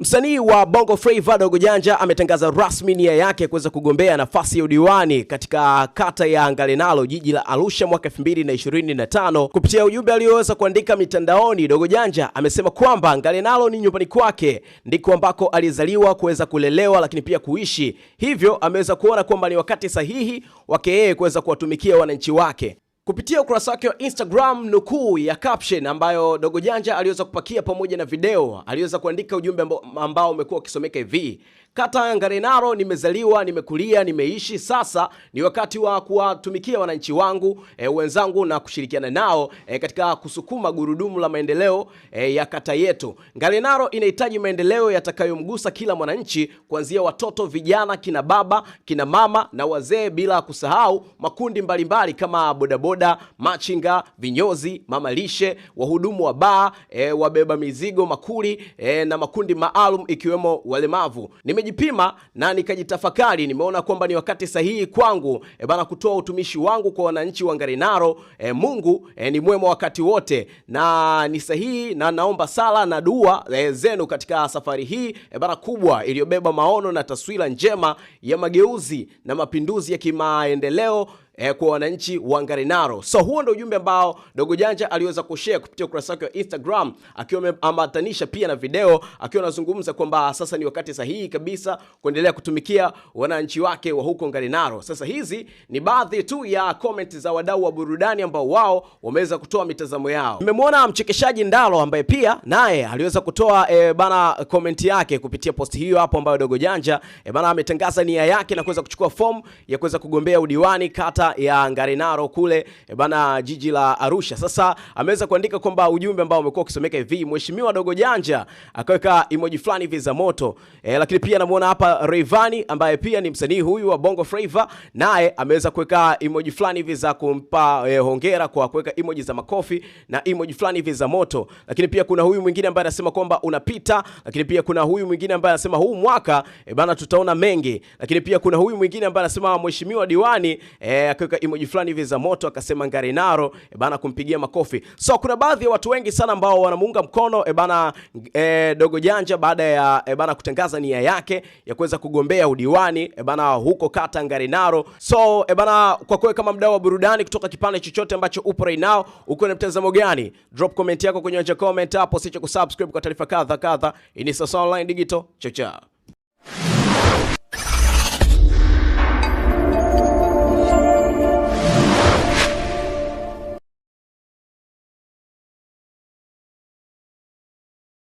Msanii wa Bongo Flava Dogo Janja ametangaza rasmi nia yake kuweza kugombea nafasi ya udiwani katika kata ya ngalenalo jiji la Arusha mwaka 2025. Kupitia ujumbe aliyoweza kuandika mitandaoni, Dogo Janja amesema kwamba ngalenalo ni nyumbani kwake, ndiko ambako alizaliwa, kuweza kulelewa, lakini pia kuishi. Hivyo ameweza kuona kwamba ni wakati sahihi wake yeye kuweza kuwatumikia wananchi wake. Kupitia ukurasa wake wa Instagram, nukuu ya caption ambayo Dogo Janja aliweza kupakia pamoja na video, aliweza kuandika ujumbe ambao umekuwa ukisomeka hivi: Kata ya Ngarenaro nimezaliwa, nimekulia, nimeishi. Sasa ni wakati wa kuwatumikia wananchi wangu e, wenzangu na kushirikiana nao e, katika kusukuma gurudumu la maendeleo e, ya kata yetu. Ngarenaro inahitaji maendeleo yatakayomgusa kila mwananchi kuanzia watoto, vijana, kina baba, kina mama na wazee, bila kusahau makundi mbalimbali kama bodaboda, machinga, vinyozi, mamalishe, wahudumu wa baa, e, wabeba mizigo, makuli e, na makundi maalum ikiwemo walemavu Nime Nimejipima na nikajitafakari, nimeona kwamba ni wakati sahihi kwangu e bana kutoa utumishi wangu kwa wananchi wa Ngarenaro. E, Mungu e, ni mwema wakati wote na ni sahihi, na naomba sala na dua e, zenu katika safari hii e bana kubwa iliyobeba maono na taswira njema ya mageuzi na mapinduzi ya kimaendeleo eh, kwa wananchi wa Ngarenaro. So huo ndio ujumbe ambao Dogo Janja aliweza kushare kupitia ukurasa wake wa Instagram akiwa ameambatanisha pia na video akiwa anazungumza kwamba sasa ni wakati sahihi kabisa kuendelea kutumikia wananchi wake wa huko Ngarenaro. Sasa hizi ni baadhi tu ya comment za wadau wa burudani ambao wao wameweza kutoa mitazamo yao. Nimemwona mchekeshaji Ndalo ambaye pia naye aliweza kutoa eh, bana comment yake kupitia post hiyo hapo ambayo Dogo Janja eh, bana ametangaza nia yake na kuweza kuchukua fomu ya kuweza kugombea udiwani kata kwanza ya Ngarenaro kule eh, bana jiji la Arusha. Sasa ameweza kuandika kwamba ujumbe ambao umekuwa ukisomeka hivi, mheshimiwa dogo janja, akaweka emoji fulani hivi za moto e, lakini pia namuona hapa Rayvanny ambaye pia ni msanii huyu wa Bongo Flava, naye ameweza kuweka emoji fulani hivi za kumpa e, hongera kwa kuweka emoji za makofi na emoji fulani hivi za moto, lakini pia kuna huyu mwingine ambaye anasema kwamba unapita, lakini pia kuna huyu mwingine ambaye anasema huu mwaka e, bana tutaona mengi, lakini pia kuna huyu mwingine ambaye anasema mheshimiwa diwani e, akaweka emoji fulani hivi za moto akasema Ngarenaro e eh, bana, kumpigia makofi. So kuna baadhi ya watu wengi sana ambao wanamuunga mkono e bana e, Dogo Janja baada ya e bana kutangaza nia yake ya kuweza kugombea udiwani e bana huko kata Ngarenaro. So e bana, kwa kweli kama mdau wa burudani kutoka kipande chochote ambacho upo right now, uko na mtazamo gani? Drop comment yako kwenye comment hapo, sicha kusubscribe kwa taarifa kadha kadha. Ini sasa online digital chocha